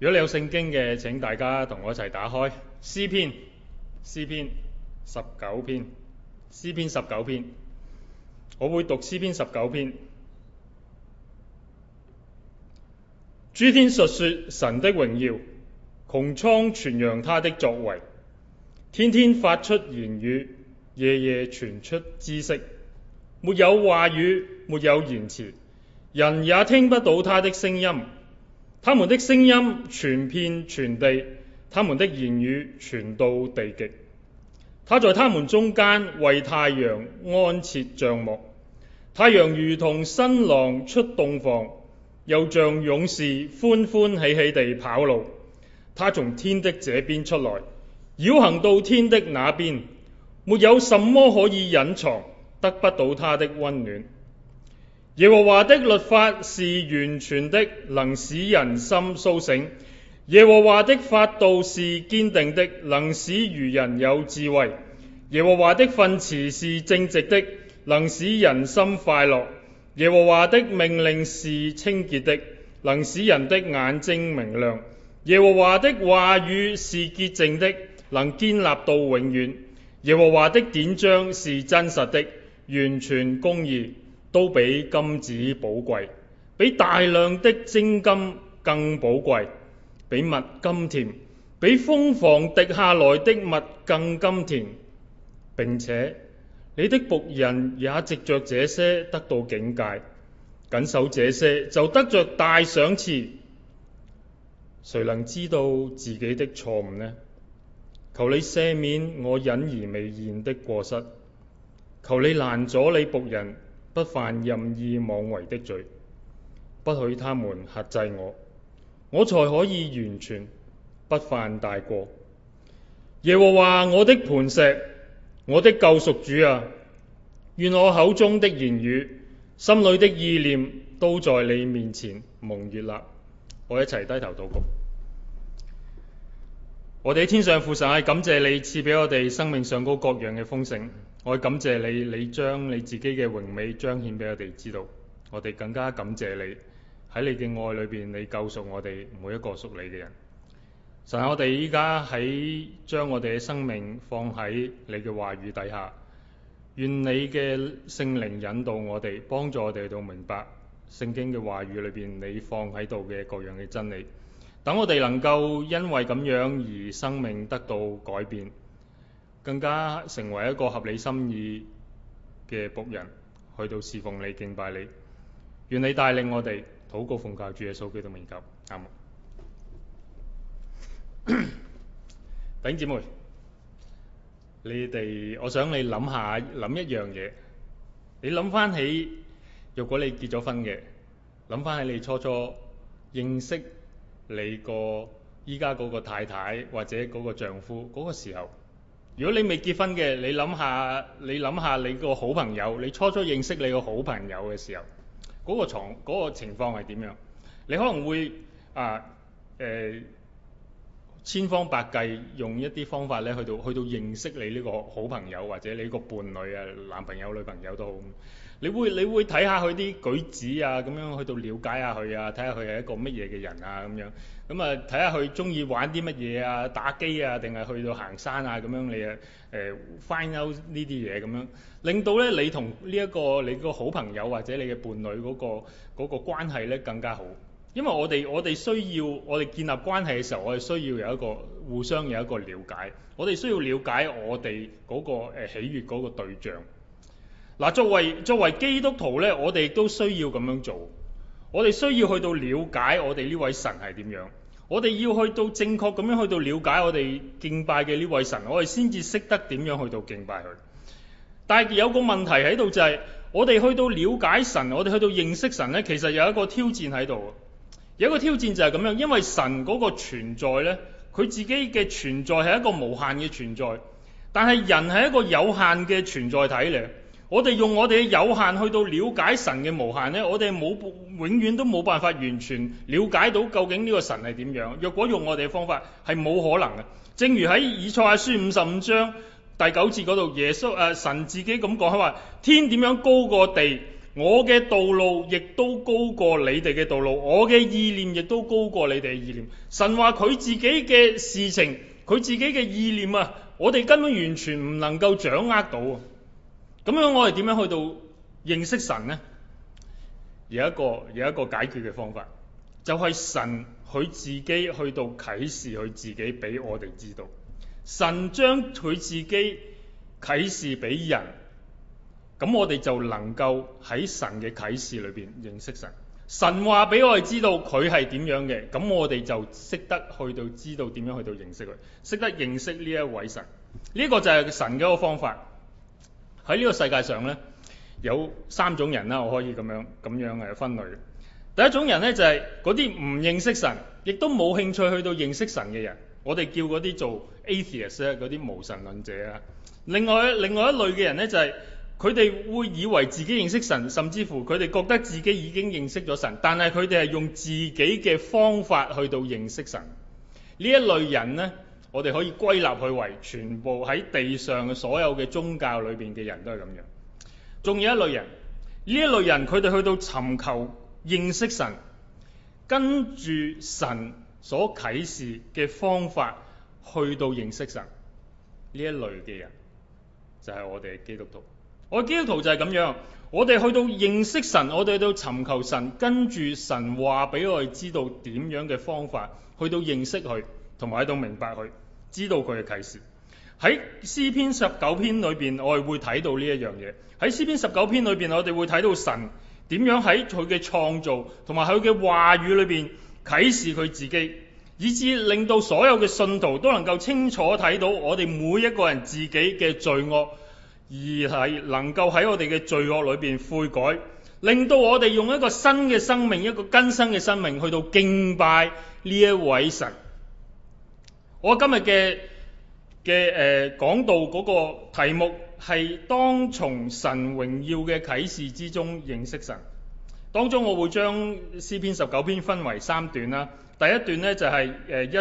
如果你有聖經嘅，請大家同我一齊打開詩篇，詩篇十九篇，詩篇十九篇，我會讀詩篇十九篇。諸天述說神的榮耀，穹蒼傳揚他的作為。天天發出言語，夜夜傳出知識。沒有話語，沒有言辭，人也聽不到他的聲音。他們的聲音傳遍全地，他們的言語傳到地極。他在他們中間為太陽安設帳幕，太陽如同新郎出洞房，又像勇士歡歡喜喜地跑路。他從天的這邊出來，繞行到天的那邊，沒有什麼可以隱藏，得不到他的温暖。耶和華的律法是完全的，能使人心蘇醒；耶和華的法度是堅定的，能使愚人有智慧；耶和華的訓詞是正直的，能使人心快樂；耶和華的命令是清潔的，能使人的眼睛明亮；耶和華的話語是潔淨的，能堅立到永遠；耶和華的典章是真實的，完全公義。都比金子寶貴，比大量的精金更寶貴，比蜜甘甜，比蜂房滴下來的蜜更甘甜。並且，你的僕人也藉著這些得到警戒，謹守這些就得著大賞賜。誰能知道自己的錯誤呢？求你赦免我隱而未現的過失，求你攔阻你僕人，不犯任意妄為的罪，不許他們轄制我，我才可以完全不犯大過。耶和華我的磐石，我的救贖主啊，願我口中的言語、心裏的意念都在你面前蒙悅納。我一齊低頭禱告。我哋喺天上父神，係感謝你賜俾我哋生命上高各樣嘅豐盛。我感謝你，你將你自己嘅榮美彰顯俾我哋知道。我哋更加感謝你喺你嘅愛裏邊，你救贖我哋每一個屬你嘅人。神，我哋依家喺將我哋嘅生命放喺你嘅話語底下，願你嘅聖靈引導我哋，幫助我哋到明白聖經嘅話語裏邊你放喺度嘅各樣嘅真理。.等我哋能夠因為咁樣而生命得到改變，更加成為一個合理心意嘅僕人，去到侍奉你、敬拜你。願你帶領我哋禱告，奉靠主耶穌基督名求，阿門。弟兄姊妹，你哋，我想你諗下諗一樣嘢，你諗翻起，若果你結咗婚嘅，諗翻起你初初認識。你個依家嗰個太太或者嗰個丈夫嗰個時候，如果你未結婚嘅，你諗下，你諗下你個好朋友，你初初認識你個好朋友嘅時候，嗰個牀嗰個情況係點樣？你可能會啊誒、欸、千方百計用一啲方法咧，去到去到認識你呢個好朋友或者你個伴侶啊，男朋友女朋友都好。你會你會睇下佢啲舉止啊，咁樣去到了解下佢啊，睇下佢係一個乜嘢嘅人啊咁樣。咁啊，睇下佢鍾意玩啲乜嘢啊，打機啊，定係去到行山啊咁樣，你啊誒 find out 呢啲嘢咁樣，令到咧你同呢一個你個好朋友或者你嘅伴侶嗰個嗰個關係咧更加好。因為我哋我哋需要我哋建立關係嘅時候，我哋需要有一個互相有一個了解。我哋需要了解我哋嗰個誒喜悅嗰個對象。嗱，作為作為基督徒咧，我哋都需要咁樣做。我哋需要去到了解我哋呢位神係點樣，我哋要去到正確咁樣去到了解我哋敬拜嘅呢位神，我哋先至識得點樣去到敬拜佢。但係有個問題喺度就係，我哋去到了解神，我哋去到認識神咧，其實有一個挑戰喺度。有一個挑戰就係咁樣，因為神嗰個存在咧，佢自己嘅存在係一個無限嘅存在，但係人係一個有限嘅存在體嚟。我哋用我哋嘅有限去到了解神嘅無限呢，我哋冇永遠都冇辦法完全了解到究竟呢個神係點樣。若果用我哋嘅方法，係冇可能嘅。正如喺以賽亞書五十五章第九節嗰度，耶穌誒、啊、神自己咁講，佢話天點樣高過地，我嘅道路亦都高過你哋嘅道路，我嘅意念亦都高過你哋嘅意念。神話佢自己嘅事情，佢自己嘅意念啊，我哋根本完全唔能夠掌握到。咁樣我哋點樣去到認識神呢？有一個有一個解決嘅方法，就係神佢自己去到啟示佢自己俾我哋知道，神將佢自己啟示俾人，咁我哋就能夠喺神嘅啟示裏邊認識神。神話俾我哋知道佢係點樣嘅，咁我哋就識得去到知道點樣去到認識佢，識得認識呢一位神。呢個就係神嘅一個方法。喺呢個世界上呢，有三種人啦，我可以咁樣咁樣嚟分類。第一種人呢，就係嗰啲唔認識神，亦都冇興趣去到認識神嘅人，我哋叫嗰啲做 atheist 嗰啲無神論者啊。另外另外一類嘅人呢，就係佢哋會以為自己認識神，甚至乎佢哋覺得自己已經認識咗神，但係佢哋係用自己嘅方法去到認識神。呢一類人呢。我哋可以歸納佢為全部喺地上嘅所有嘅宗教裏邊嘅人都係咁樣。仲有一類人，呢一類人佢哋去到尋求認識神，跟住神所啟示嘅方法去到認識神。呢一類嘅人就係我哋嘅基督徒。我基督徒就係咁樣，我哋去到認識神，我哋去到尋求神，跟住神話俾我哋知道點樣嘅方法去到認識佢，同埋喺度明白佢。知道佢嘅啟示喺詩篇十九篇裏邊，我哋會睇到呢一樣嘢。喺詩篇十九篇裏邊，我哋會睇到神點樣喺佢嘅創造同埋佢嘅話語裏邊啟示佢自己，以致令到所有嘅信徒都能夠清楚睇到我哋每一個人自己嘅罪惡，而係能夠喺我哋嘅罪惡裏邊悔改，令到我哋用一個新嘅生命，一個更新嘅生命去到敬拜呢一位神。我今日嘅嘅誒講到嗰個題目係當從神榮耀嘅啟示之中認識神。當中我會將詩篇十九篇分為三段啦。第一段呢，就係誒一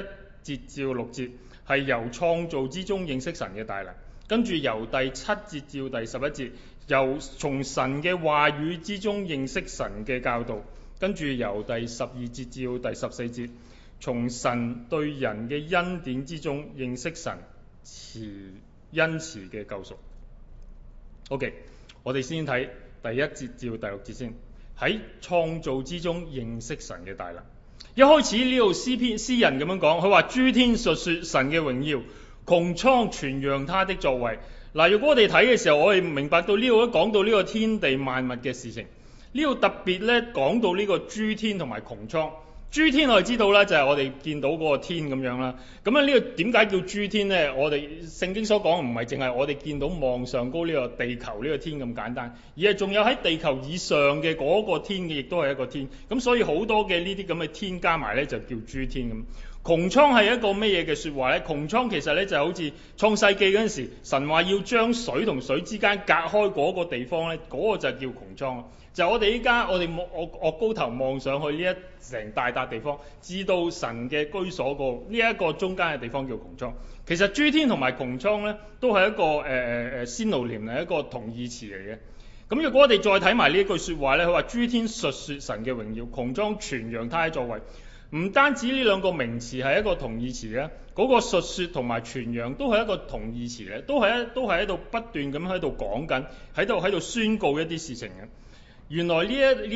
節至六節，係由創造之中認識神嘅大能。跟住由第七節至第十一節，由從神嘅話語之中認識神嘅教導。跟住由第十二節至第十四節。從神對人嘅恩典之中認識神慈恩慈嘅救贖。OK，我哋先睇第一節至到第六節先。喺創造之中認識神嘅大能。一開始呢度詩篇詩人咁樣講，佢話諸天述說神嘅榮耀，穹蒼傳揚他的作為。嗱，如果我哋睇嘅時候，我哋明白到呢度一講到呢個天地萬物嘅事情，呢度特別咧講到呢個諸天同埋穹蒼。諸天我哋知道咧，就係、是、我哋見到嗰個天咁樣啦。咁啊呢個點解叫諸天呢？我哋聖經所講唔係淨係我哋見到望上高呢個地球呢個天咁簡單，而係仲有喺地球以上嘅嗰個天嘅，亦都係一個天。咁所以好多嘅呢啲咁嘅天加埋咧，就叫諸天咁。穹蒼係一個咩嘢嘅説話呢？穹蒼其實呢，就好似創世記嗰陣時，神話要將水同水之間隔開嗰個地方呢，嗰、那個就叫穹蒼。就我哋依家，我哋望我我高頭望上去呢一成大笪地方，至到神嘅居所嗰呢一個中間嘅地方叫穹蒼。其實諸天同埋穹蒼咧，都係一個誒誒誒先奴廉係一個同義詞嚟嘅。咁如果我哋再睇埋呢一句説話咧，佢話諸天述説神嘅榮耀，穹蒼傳揚他嘅作為。唔單止呢兩個名詞係一個同義詞嘅，嗰個述説同埋傳揚都係一個同義詞咧，都係一都係喺度不斷咁喺度講緊，喺度喺度宣告一啲事情嘅。原來呢一呢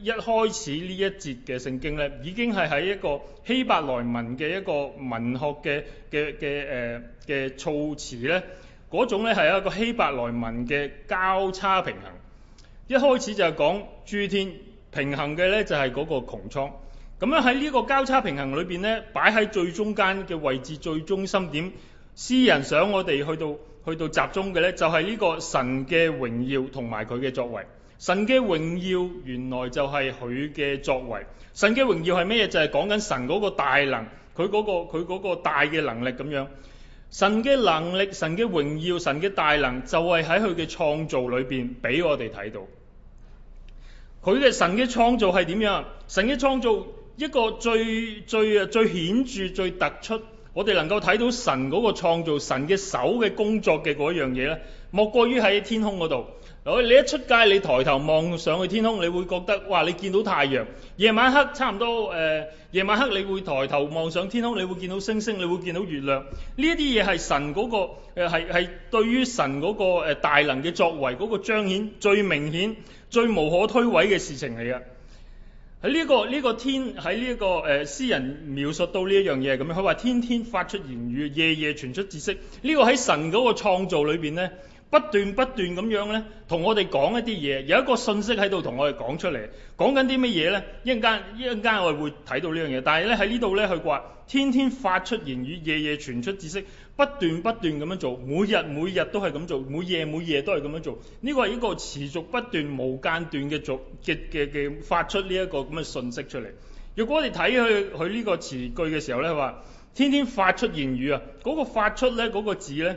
一一開始呢一節嘅聖經呢，已經係喺一個希伯來文嘅一個文學嘅嘅嘅誒嘅措辭呢。嗰種咧係一個希伯來文嘅交叉平衡。一開始就係講諸天，平衡嘅呢，就係、是、嗰個穹蒼。咁樣喺呢個交叉平衡裏邊呢，擺喺最中間嘅位置、最中心點，詩人想我哋去到去到集中嘅呢，就係、是、呢個神嘅榮耀同埋佢嘅作為。神嘅榮耀原來就係佢嘅作為，神嘅榮耀係咩嘢？就係講緊神嗰個大能，佢嗰個佢個大嘅能力咁樣。神嘅能力、神嘅榮耀、神嘅大能，就係喺佢嘅創造裏邊俾我哋睇到。佢嘅神嘅創造係點樣？神嘅創造一個最最最顯著、最突出，我哋能夠睇到神嗰個創造、神嘅手嘅工作嘅嗰樣嘢咧，莫過於喺天空嗰度。你一出街，你抬頭望上去天空，你會覺得哇，你見到太陽。夜晚黑差唔多，誒、呃，夜晚黑你會抬頭望上天空，你會見到星星，你會見到月亮。呢啲嘢係神嗰、那個誒，係、呃、係對於神嗰、那個誒、呃、大能嘅作為嗰、那個彰顯，最明顯、最無可推諉嘅事情嚟嘅。喺呢、這個呢、這個天，喺呢一個誒、呃、詩人描述到呢一樣嘢咁樣，佢話天天發出言語，夜夜傳出知識。呢、這個喺神嗰個創造裏邊呢。不斷不斷咁樣呢，同我哋講一啲嘢，有一個信息喺度同我哋講出嚟，講緊啲乜嘢呢？一陣間一陣間我哋會睇到呢樣嘢。但係呢，喺呢度呢，佢話，天天發出言語，夜夜傳出知識，不斷不斷咁樣做，每日每日都係咁做，每夜每夜都係咁樣做。呢個係一個持續不斷無間斷嘅續嘅嘅嘅發出呢一個咁嘅信息出嚟。如果我哋睇佢佢呢個詞句嘅時候呢，佢話天天發出言語啊，嗰個發出呢嗰個字呢，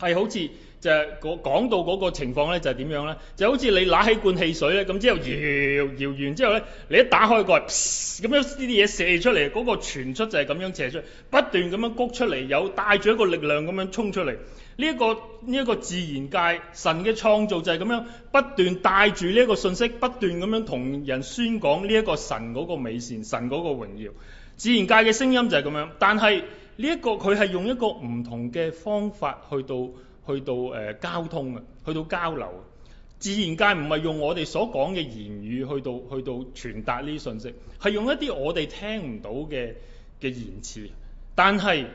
係好似，就係講到嗰個情況咧，就係點樣咧？就好似你拿起罐汽水咧，咁之後搖搖完之後咧，你一打開蓋，咁樣呢啲嘢射出嚟，嗰個傳出就係咁樣射出，不斷咁樣谷出嚟，有帶住一個力量咁樣衝出嚟。呢一個呢一個自然界神嘅創造就係咁樣不斷帶住呢一個信息，不斷咁樣同人宣講呢一個神嗰個美善、神嗰個榮耀。自然界嘅聲音就係咁樣，但係呢一個佢係用一個唔同嘅方法去到。去到誒、呃、交通啊，去到交流啊，自然界唔係用我哋所講嘅言語去到去到傳達呢啲信息，係用一啲我哋聽唔到嘅嘅言辭。但係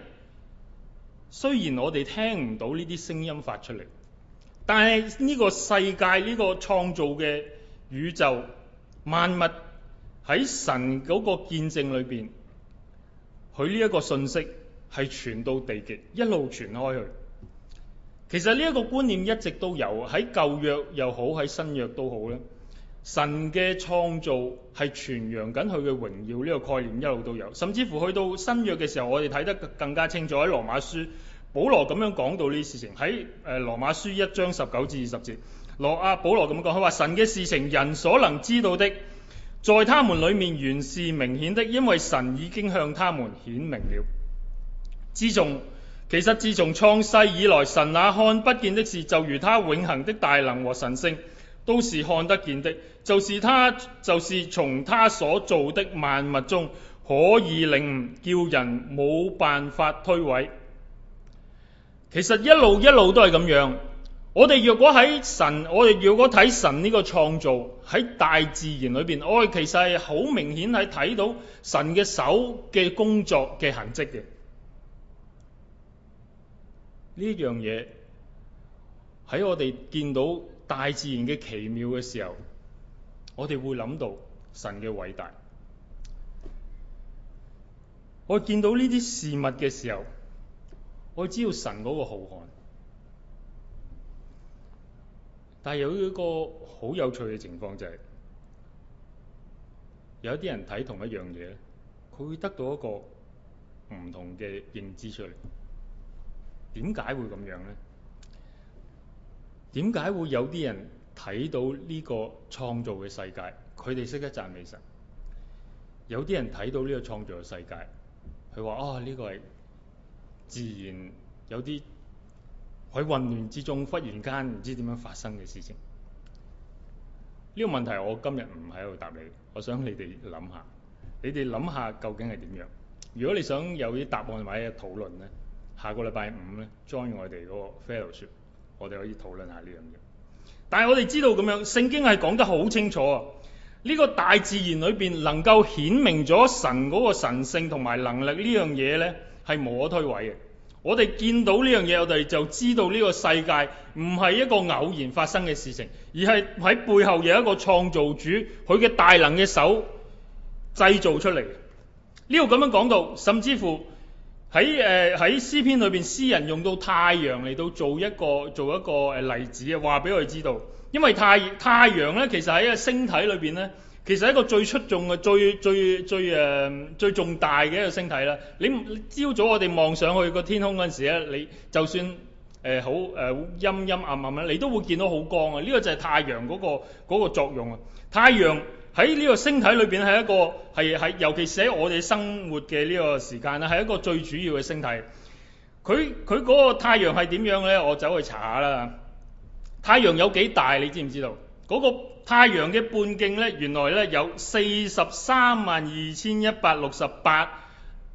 雖然我哋聽唔到呢啲聲音發出嚟，但係呢個世界呢個創造嘅宇宙萬物喺神嗰個見證裏邊，佢呢一個信息係傳到地極一路傳開去。其實呢一個觀念一直都有，喺舊約又好，喺新約都好咧，神嘅創造係傳揚緊佢嘅榮耀呢、這個概念一路都有，甚至乎去到新約嘅時候，我哋睇得更加清楚喺羅馬書保羅咁樣講到呢啲事情，喺誒，羅馬書一章十九至二十節，羅啊保羅咁講，佢話，神嘅事情人所能知道的，在他們裡面原是明顯的，因為神已經向他們顯明了。聽眾。其實自從創世以來，神那看不見的事，就如他永恆的大能和神性，都是看得見的。就是他，就是從他所做的萬物中，可以領悟，叫人冇辦法推諉。其實一路一路都係咁樣。我哋若果喺神，我哋若果睇神呢個創造喺大自然裏邊，我哋其實係好明顯係睇到神嘅手嘅工作嘅痕迹嘅。呢樣嘢喺我哋見到大自然嘅奇妙嘅時候，我哋會諗到神嘅偉大。我見到呢啲事物嘅時候，我知道神嗰個浩瀚。但係有一個好有趣嘅情況就係、是，有啲人睇同一樣嘢，佢會得到一個唔同嘅認知出嚟。點解會咁樣呢？點解會有啲人睇到呢個創造嘅世界，佢哋識得讚美神。有啲人睇到呢個創造嘅世界，佢話：啊、哦，呢、呢個係自然，有啲喺混亂之中，忽然間唔知點樣發生嘅事情。呢、呢個問題我今日唔喺度答你，我想你哋諗下。你哋諗下究竟係點樣？如果你想有啲答案或者討論呢，下個禮拜五呢，join 我哋嗰個 fellowship，我哋可以討論下呢樣嘢。但係我哋知道咁樣，聖經係講得好清楚啊！呢個大自然裏邊能夠顯明咗神嗰個神性同埋能力呢樣嘢呢，係無可推諉嘅。我哋見到呢樣嘢，我哋就知道呢個世界唔係一個偶然發生嘅事情，而係喺背後有一個創造主佢嘅大能嘅手製造出嚟。呢度咁樣講到，甚至乎。喺誒喺詩篇裏邊，詩人用到太陽嚟到做一個做一個誒例子啊，話俾我哋知道，因為太太陽咧，其實喺一個星體裏邊咧，其實係一個最出眾嘅、最最最誒最重大嘅一個星體啦。你朝早我哋望上去個天空嗰陣時咧，你就算誒好誒陰陰暗暗啦，你都會見到好光啊。呢個就係太陽嗰個嗰個作用啊。太陽。喺呢個星體裏邊係一個係係，尤其是喺我哋生活嘅呢個時間咧，係一個最主要嘅星體。佢佢嗰個太陽係點樣呢？我走去查下啦。太陽有幾大？你知唔知道？嗰、那個太陽嘅半徑呢，原來呢有四十三萬二千一百六十八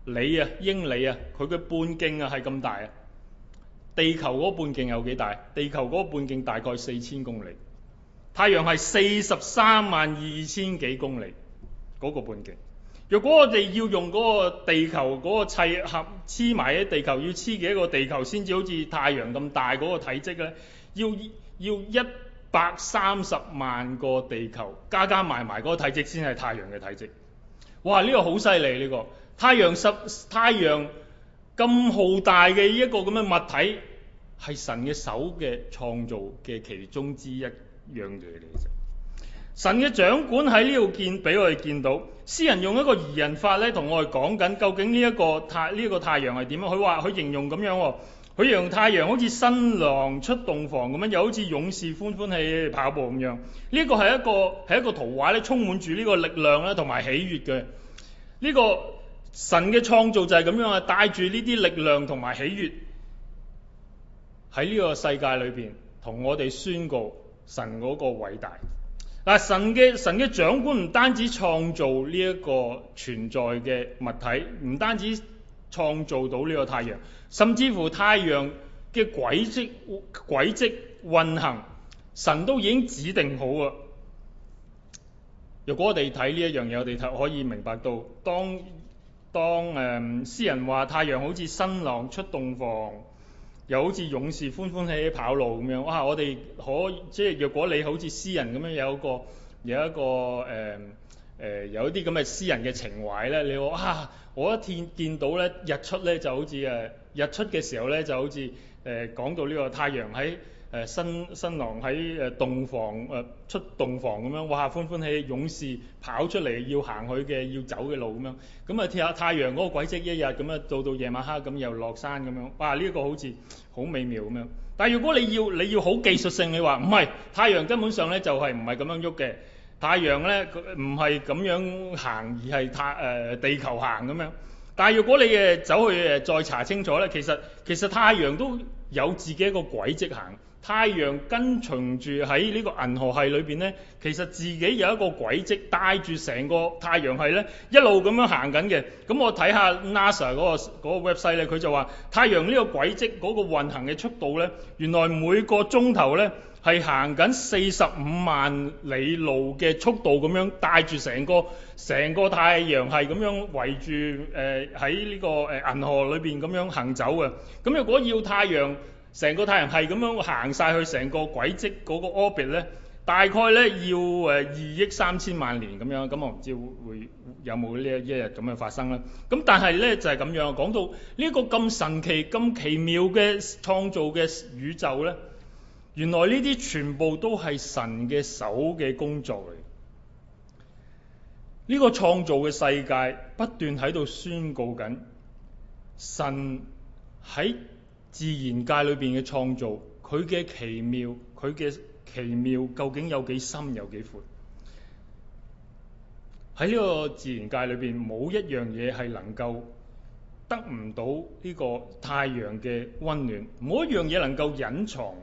里啊，英里啊，佢嘅半徑啊係咁、啊、大啊。地球嗰半徑有幾大？地球嗰半徑大概四千公里。太陽係四十三萬二千幾公里嗰個半徑。如果我哋要用嗰個地球嗰個砌合黐埋喺地球，要黐幾多個地球先至好似太陽咁大嗰個體積咧？要要一百三十萬個地球加加埋埋嗰個體積先係太陽嘅體積。哇！呢個好犀利，呢個太陽十，太陽咁浩大嘅一個咁嘅物體係神嘅手嘅創造嘅其中之一。樣神嘅掌管喺呢度見，俾我哋見到。詩人用一個擬人法咧，同我哋講緊究竟呢、呢、一個太呢、呢個太陽係點樣？佢話佢形容咁樣、哦，佢形容太陽好似新郎出洞房咁樣，又好似勇士歡歡喜跑步咁樣。呢一個係一個係一個圖畫咧，充滿住呢個力量咧同埋喜悅嘅。呢、呢個神嘅創造就係咁樣啊！帶住呢啲力量同埋喜悅喺呢個世界裏邊，同我哋宣告。神嗰個偉大嗱、啊，神嘅神嘅掌管唔單止創造呢一個存在嘅物體，唔單止創造到呢個太陽，甚至乎太陽嘅軌跡軌跡運行，神都已經指定好啊！如果我哋睇呢一樣嘢，我哋睇可以明白到，當當誒詩、嗯、人話太陽好似新郎出洞房。又好似勇士歡歡喜喜跑路咁樣哇！我哋可，即係若果你好似詩人咁樣，有個有一個誒誒，有一啲咁嘅詩人嘅情懷咧，你話啊，我一天見到咧日出咧就好似誒，日出嘅時候咧就好似誒，講、呃、到呢個太陽喺。誒新新郎喺誒洞房誒、呃、出洞房咁樣，哇！歡歡喜，勇士跑出嚟要行佢嘅要走嘅路咁樣。咁啊，跳下太陽嗰個軌跡，一日咁樣到到夜晚黑咁又落山咁樣，哇！呢、這、一個好似好美妙咁樣。但係如果你要你要好技術性，你話唔係太陽根本上咧就係唔係咁樣喐嘅。太陽咧唔係咁樣行，而係太誒地球行咁樣。但係如果你嘅走去誒再查清楚咧，其實其實太陽都有自己一個軌跡行。太陽跟隨住喺呢個銀河系裏邊呢，其實自己有一個軌跡帶住成個太陽系呢一路咁樣行緊嘅。咁我睇下 NASA 嗰個嗰個 web site 咧，佢就話太陽呢個軌跡嗰個運行嘅速度呢，原來每個鐘頭呢係行緊四十五萬里路嘅速度咁樣帶住成個成個太陽系咁樣圍住誒喺呢個誒銀河裏邊咁樣行走嘅。咁如果要太陽成個太陽系咁樣行晒去成個軌跡嗰個 orbit，咧，大概咧要誒二億三千萬年咁樣，咁我唔知會會，會有冇呢一一日咁樣發生啦。咁、嗯、但係咧就係咁樣，講到呢個咁神奇、咁奇妙嘅創造嘅宇宙咧，原來呢啲全部都係神嘅手嘅工作嚟。呢個創造嘅世界不斷喺度宣告緊，神喺。自然界裏邊嘅創造，佢嘅奇妙，佢嘅奇妙究竟有幾深有幾闊？喺呢個自然界裏邊，冇一樣嘢係能夠得唔到呢個太陽嘅溫暖，冇一樣嘢能夠隱藏，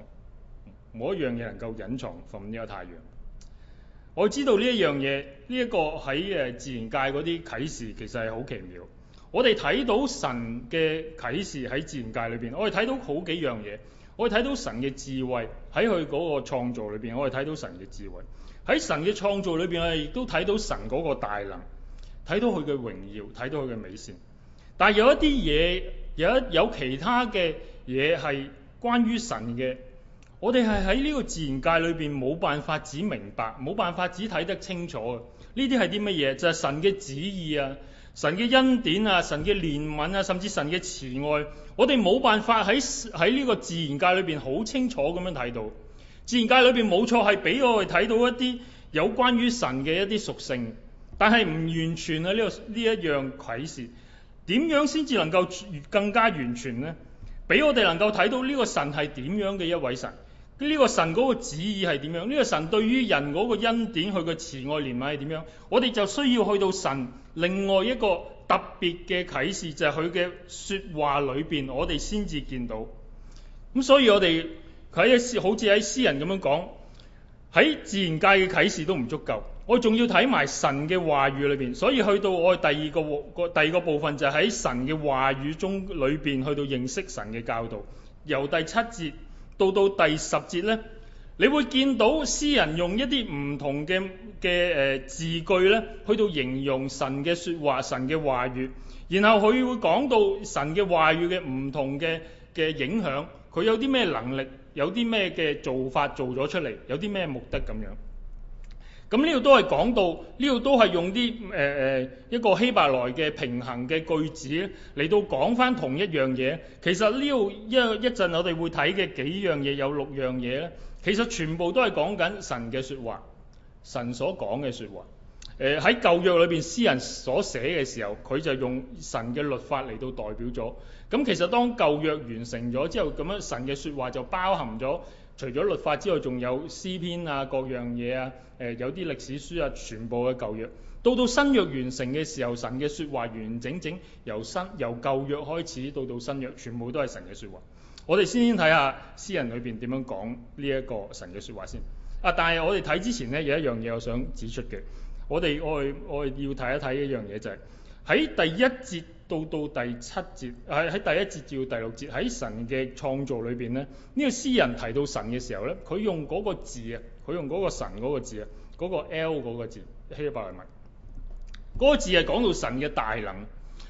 冇一樣嘢能夠隱藏從呢個太陽。我知道呢一樣嘢，呢一個喺誒自然界嗰啲啟示，其實係好奇妙。我哋睇到神嘅啟示喺自然界裏邊，我哋睇到好幾樣嘢，我哋睇到神嘅智慧喺佢嗰個創造裏邊，我哋睇到神嘅智慧喺神嘅創造裏邊，我亦都睇到神嗰個大能，睇到佢嘅榮耀，睇到佢嘅美善。但係有一啲嘢，有一有其他嘅嘢係關於神嘅，我哋係喺呢個自然界裏邊，冇辦法只明白，冇辦法只睇得清楚嘅。呢啲係啲乜嘢？就係神嘅旨意啊！神嘅恩典啊，神嘅憐憫啊，甚至神嘅慈愛，我哋冇辦法喺喺呢個自然界裏邊好清楚咁樣睇到。自然界裏邊冇錯係俾我哋睇到一啲有關於神嘅一啲屬性，但係唔完全喺呢個呢一樣啟示。點樣先至能夠更加完全呢？俾我哋能夠睇到呢個神係點樣嘅一位神？呢個神嗰個旨意係點樣？呢個神對於人嗰個恩典、佢嘅慈愛、憐憫係點樣？我哋就需要去到神另外一個特別嘅啟示，就係佢嘅説話裏邊，我哋先至見到。咁所以我哋喺好似喺詩人咁樣講，喺自然界嘅啟示都唔足夠，我仲要睇埋神嘅話語裏邊。所以去到我哋第二個個第二個部分，就喺神嘅話語中裏邊去到認識神嘅教導。由第七節。到到第十節咧，你會見到詩人用一啲唔同嘅嘅誒字句咧，去到形容神嘅説話、神嘅話語，然後佢會講到神嘅話語嘅唔同嘅嘅影響，佢有啲咩能力，有啲咩嘅做法做咗出嚟，有啲咩目的咁樣。咁呢度都係講到，呢度都係用啲誒誒一個希伯來嘅平衡嘅句子嚟到講翻同一樣嘢。其實呢度一一陣我哋會睇嘅幾樣嘢有六樣嘢咧，其實全部都係講緊神嘅説話，神所講嘅説話。誒喺舊約裏邊詩人所寫嘅時候，佢就用神嘅律法嚟到代表咗。咁、嗯、其實當舊約完成咗之後，咁樣神嘅説話就包含咗。除咗律法之外，仲有詩篇啊，各樣嘢啊，誒、呃，有啲歷史書啊，全部嘅舊約。到到新約完成嘅時候，神嘅說話完整整由新由舊約開始到到新約全部都係神嘅說話。我哋先先睇下詩人裏邊點樣講呢一個神嘅說話先。啊，但係我哋睇之前咧，有一樣嘢我想指出嘅，我哋我哋，我哋要睇一睇一樣嘢就係、是。喺第一節到到第七節，係喺第一節至到第六節，喺神嘅創造裏邊咧，呢、這個詩人提到神嘅時候咧，佢用嗰個字啊，佢用嗰個神嗰個字啊，嗰、那個 L 嗰個字希伯來文，嗰、那個字係講到神嘅大能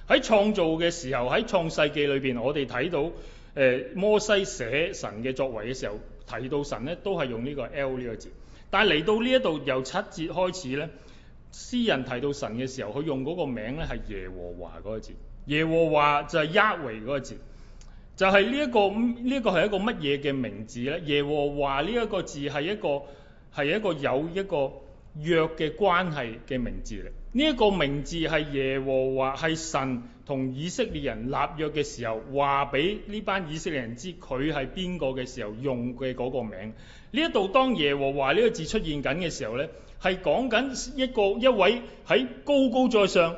喺創造嘅時候，喺創世記裏邊，我哋睇到誒、呃、摩西寫神嘅作為嘅時候，提到神咧都係用呢個 L 呢個字，但係嚟到呢一度由七節開始咧。詩人提到神嘅時候，佢用嗰個名咧係耶和華嗰個字，耶和華就係 YHWH 嗰個字，就係、是這個、呢個一個。呢一個係一個乜嘢嘅名字咧？耶和華呢一個字係一個係一個有一個約嘅關係嘅名字嚟，呢、這、一個名字係耶和華，係神。同以色列人立約嘅時候，話俾呢班以色列人知佢係邊個嘅時候，用嘅嗰個名。呢一度當耶和華呢一個字出現緊嘅時候，呢係講緊一個一位喺高高在上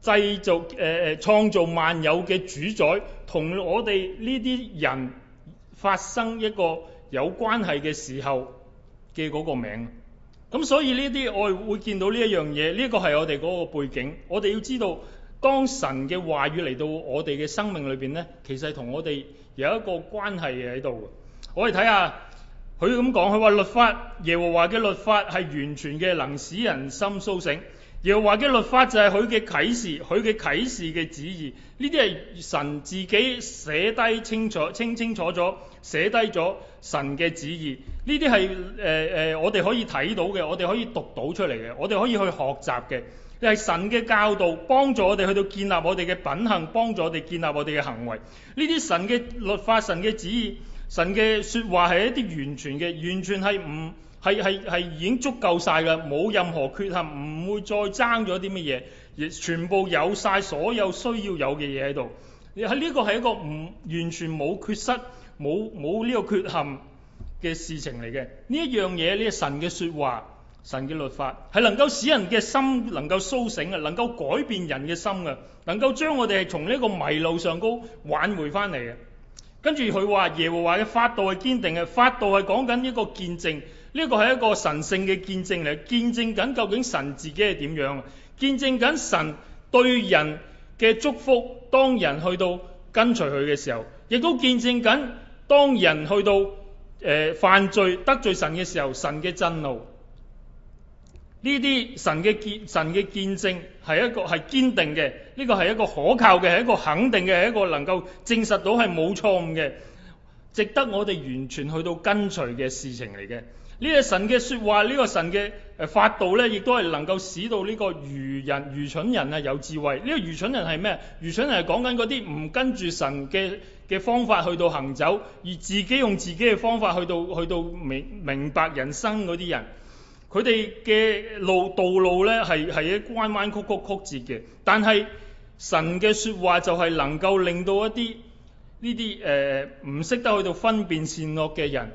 製造、誒、呃、誒創造萬有嘅主宰，同我哋呢啲人發生一個有關係嘅時候嘅嗰個名。咁所以呢啲我會見到呢一樣嘢，呢一個係我哋嗰個背景，我哋要知道。當神嘅話語嚟到我哋嘅生命裏邊呢，其實係同我哋有一個關係喺度。我哋睇下，佢咁講，佢話律法耶和華嘅律法係完全嘅，能使人心甦醒。耶和華嘅律法就係佢嘅啟示，佢嘅啟示嘅旨意，呢啲係神自己寫低清楚、清清楚楚寫低咗神嘅旨意。呢啲係誒誒，我哋可以睇到嘅，我哋可以讀到出嚟嘅，我哋可以去學習嘅。又係神嘅教導幫助我哋去到建立我哋嘅品行，幫助我哋建立我哋嘅行為。呢啲神嘅律法、神嘅旨意、神嘅説話係一啲完全嘅，完全係唔係係係已經足夠晒嘅，冇任何缺陷，唔會再爭咗啲乜嘢，亦全部有晒所有需要有嘅嘢喺度。你喺呢個係一個唔完全、冇缺失、冇冇呢個缺陷嘅事情嚟嘅。呢一樣嘢，呢係神嘅説話。神嘅律法係能夠使人嘅心能夠甦醒啊，能夠改變人嘅心嘅，能夠將我哋係從呢個迷路上高挽回翻嚟嘅。跟住佢話：耶和華嘅法度係堅定嘅，法度係講緊一個見證，呢、這、一個係一個神聖嘅見證嚟，見證緊究竟神自己係點樣啊？見證緊神對人嘅祝福，當人去到跟隨佢嘅時候，亦都見證緊當人去到誒、呃、犯罪得罪神嘅時候，神嘅震怒。呢啲神嘅見神嘅見證係一個係堅定嘅，呢個係一個可靠嘅，係一個肯定嘅，係一個能夠證實到係冇錯誤嘅，值得我哋完全去到跟隨嘅事情嚟嘅。呢個神嘅說話，呢個神嘅誒法度咧，亦都係能夠使到呢個愚人、愚蠢人啊有智慧。呢個愚蠢人係咩？愚蠢人係講緊嗰啲唔跟住神嘅嘅方法去到行走，而自己用自己嘅方法去到去到明明白人生嗰啲人。佢哋嘅路道路呢，係係一彎彎曲曲曲折嘅，但係神嘅説話就係能夠令到一啲呢啲誒唔識得去到分辨善惡嘅人，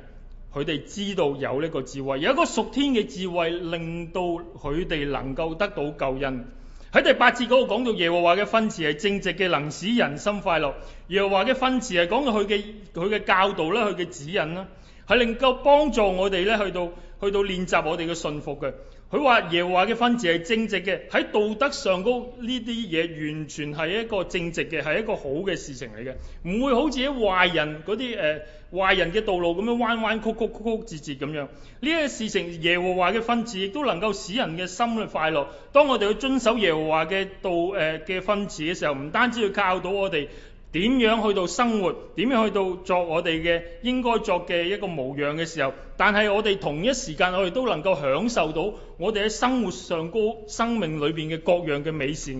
佢哋知道有呢個智慧，有一個屬天嘅智慧，令到佢哋能夠得到救恩。喺第八節嗰度講到耶和華嘅訓詞係正直嘅，能使人心快樂。耶和華嘅訓詞係講到佢嘅佢嘅教導啦，佢嘅指引啦，係能夠幫助我哋呢去到。去到練習我哋嘅信服嘅，佢話，耶和華嘅訓詞係正直嘅，喺道德上高呢啲嘢完全係一個正直嘅，係一個好嘅事情嚟嘅，唔會好似啲壞人嗰啲誒壞人嘅道路咁樣彎彎曲曲曲曲折折咁樣。呢一事情，耶和華嘅訓詞亦都能夠使人嘅心去快樂。當我哋去遵守耶和華嘅道誒嘅、呃、訓詞嘅時候，唔單止要教到我哋。點樣去到生活，點樣去到作我哋嘅應該作嘅一個模樣嘅時候。但係我哋同一時間，我哋都能夠享受到我哋喺生活上高生命裏邊嘅各樣嘅美善。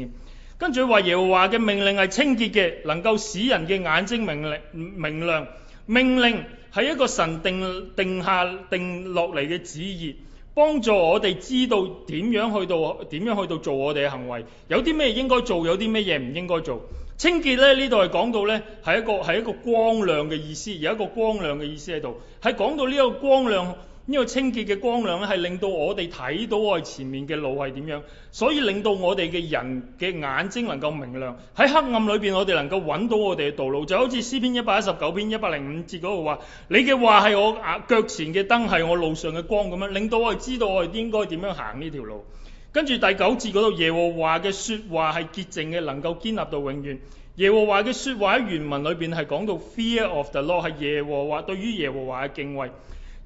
跟住話，耶和華嘅命令係清潔嘅，能夠使人嘅眼睛明亮明亮。命令係一個神定定下定落嚟嘅旨意。幫助我哋知道點樣去到點樣去到做我哋嘅行為。有啲咩應該做，有啲咩嘢唔應該做。清潔咧呢度係講到咧係一個係一個光亮嘅意思，有一個光亮嘅意思喺度，喺講到呢個光亮。呢個清潔嘅光亮咧，係令到我哋睇到我哋前面嘅路係點樣，所以令到我哋嘅人嘅眼睛能夠明亮。喺黑暗裏邊，我哋能夠揾到我哋嘅道路，就好似詩篇一百一十九篇一百零五節嗰度話：你嘅話係我啊腳前嘅燈，係我路上嘅光咁樣，令到我哋知道我哋應該點樣行呢條路。跟住第九節嗰度，耶和華嘅説話係潔淨嘅，能夠堅立到永遠。耶和華嘅説話喺原文裏邊係講到 Fear of the Lord 係耶和華對於耶和華嘅敬畏。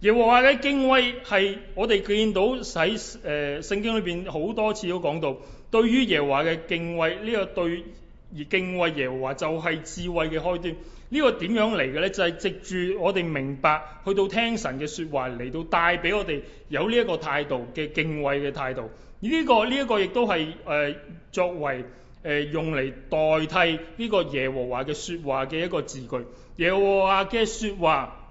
耶和華嘅敬畏係我哋見到喺誒聖經裏邊好多次都講到，對於耶和華嘅敬畏呢、這個對而敬畏耶和華就係智慧嘅開端。呢、這個點樣嚟嘅呢？就係、是、藉住我哋明白去到聽神嘅說話，嚟到帶俾我哋有呢一個態度嘅敬畏嘅態度。呢、這個呢一、這個亦都係誒作為誒、呃、用嚟代替呢個耶和華嘅說話嘅一個字句。耶和華嘅說話。